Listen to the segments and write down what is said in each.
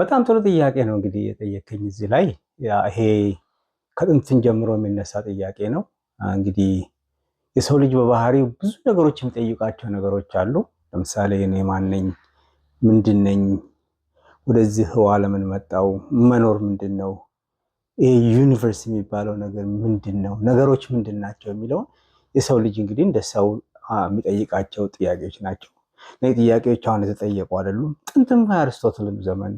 በጣም ጥሩ ጥያቄ ነው እንግዲህ የጠየከኝ። እዚህ ላይ ይሄ ከጥንትን ጀምሮ የሚነሳ ጥያቄ ነው። እንግዲህ የሰው ልጅ በባህሪው ብዙ ነገሮች የሚጠይቃቸው ነገሮች አሉ። ለምሳሌ እኔ ማነኝ? ምንድን ነኝ? ወደዚህ ህዋ ለምን መጣው? መኖር ምንድን ነው? ይሄ ዩኒቨርስ የሚባለው ነገር ምንድን ነው? ነገሮች ምንድን ናቸው የሚለውን የሰው ልጅ እንግዲህ እንደ ሰው የሚጠይቃቸው ጥያቄዎች ናቸው። እነዚህ ጥያቄዎች አሁን የተጠየቁ አይደሉም። ጥንትም ከአርስቶትልም ዘመን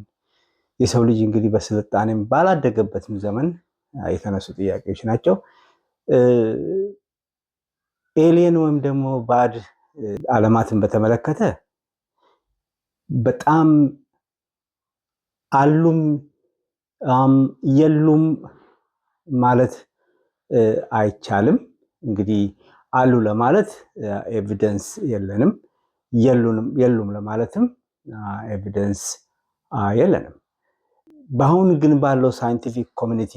የሰው ልጅ እንግዲህ በስልጣኔም ባላደገበትም ዘመን የተነሱ ጥያቄዎች ናቸው። ኤሊየን ወይም ደግሞ ባዕድ ዓለማትን በተመለከተ በጣም አሉም የሉም ማለት አይቻልም። እንግዲህ አሉ ለማለት ኤቪደንስ የለንም፣ የሉም ለማለትም ኤቪደንስ የለንም። በአሁን ግን ባለው ሳይንቲፊክ ኮሚኒቲ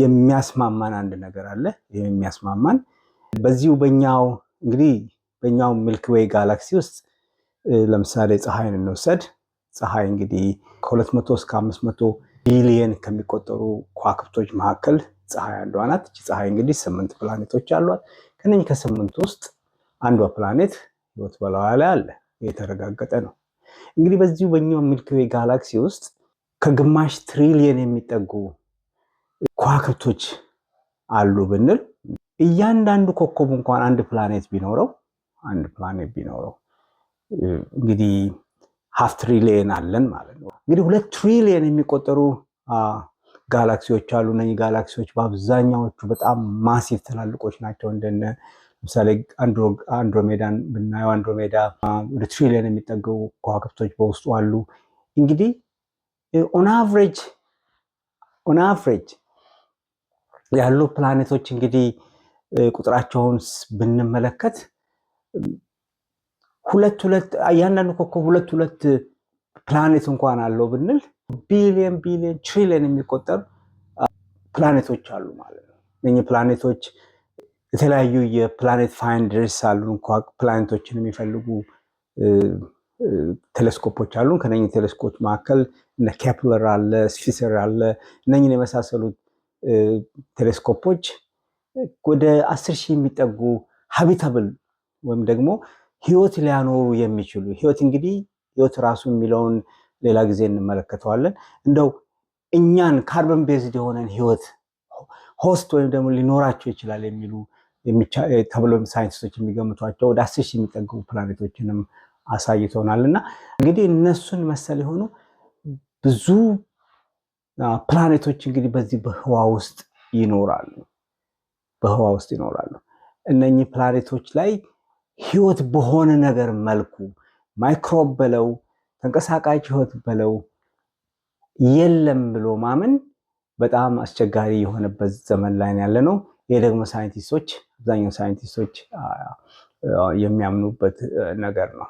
የሚያስማማን አንድ ነገር አለ። የሚያስማማን በዚሁ በኛው እንግዲህ በኛው ሚልክዌይ ጋላክሲ ውስጥ ለምሳሌ ፀሐይን እንወሰድ። ፀሐይ እንግዲህ ከ200 እስከ 500 ቢሊየን ከሚቆጠሩ ከዋክብቶች መካከል ፀሐይ አንዷ ናት። እቺ ፀሐይ እንግዲህ ስምንት ፕላኔቶች አሏት። ከነኝ ከስምንት ውስጥ አንዷ ፕላኔት ህይወት በላዋ ላይ አለ። የተረጋገጠ ነው። እንግዲህ በዚሁ በኛው ሚልክዌይ ጋላክሲ ውስጥ ከግማሽ ትሪሊየን የሚጠጉ ከዋክብቶች አሉ ብንል እያንዳንዱ ኮከብ እንኳን አንድ ፕላኔት ቢኖረው አንድ ፕላኔት ቢኖረው እንግዲህ ሀፍ ትሪሊየን አለን ማለት ነው። እንግዲህ ሁለት ትሪሊየን የሚቆጠሩ ጋላክሲዎች አሉ። እነዚህ ጋላክሲዎች በአብዛኛዎቹ በጣም ማሲቭ ትላልቆች ናቸው። እንደነ ለምሳሌ አንድሮሜዳን ብናየው አንድሮሜዳ ወደ ትሪሊየን የሚጠገቡ ከዋክብቶች በውስጡ አሉ። እንግዲህ ኦን አቨሬጅ ኦን አቨሬጅ ያሉ ፕላኔቶች እንግዲህ ቁጥራቸውን ብንመለከት ሁለት ሁለት እያንዳንዱ ኮከብ ሁለት ሁለት ፕላኔት እንኳን አለው ብንል ቢሊየን ቢሊየን ትሪሊየን የሚቆጠሩ ፕላኔቶች አሉ ማለት ነው። እኚህ ፕላኔቶች የተለያዩ የፕላኔት ፋይንደርስ አሉ እንኳ ፕላኔቶችን የሚፈልጉ ቴሌስኮፖች አሉን። ከነኝ ቴሌስኮች መካከል እነ ኬፕለር አለ፣ ስፊሰር አለ። እነኝን የመሳሰሉት ቴሌስኮፖች ወደ አስር ሺህ የሚጠጉ ሀቢታብል ወይም ደግሞ ህይወት ሊያኖሩ የሚችሉ ህይወት እንግዲህ ህይወት ራሱ የሚለውን ሌላ ጊዜ እንመለከተዋለን። እንደው እኛን ካርበን ቤዝድ የሆነን ህይወት ሆስት ወይም ደግሞ ሊኖራቸው ይችላል የሚሉ ተብሎ ሳይንቲስቶች የሚገምቷቸው ወደ አስር ሺህ የሚጠጉ ፕላኔቶችንም አሳይተውናል። እና እንግዲህ እነሱን መሰል የሆኑ ብዙ ፕላኔቶች እንግዲህ በዚህ በህዋ ውስጥ ይኖራሉ በህዋ ውስጥ ይኖራሉ። እነኚህ ፕላኔቶች ላይ ህይወት በሆነ ነገር መልኩ ማይክሮብ በለው ተንቀሳቃሽ ህይወት በለው የለም ብሎ ማመን በጣም አስቸጋሪ የሆነበት ዘመን ላይ ያለ ነው። ይ ደግሞ ሳይንቲስቶች አብዛኛው ሳይንቲስቶች የሚያምኑበት ነገር ነው።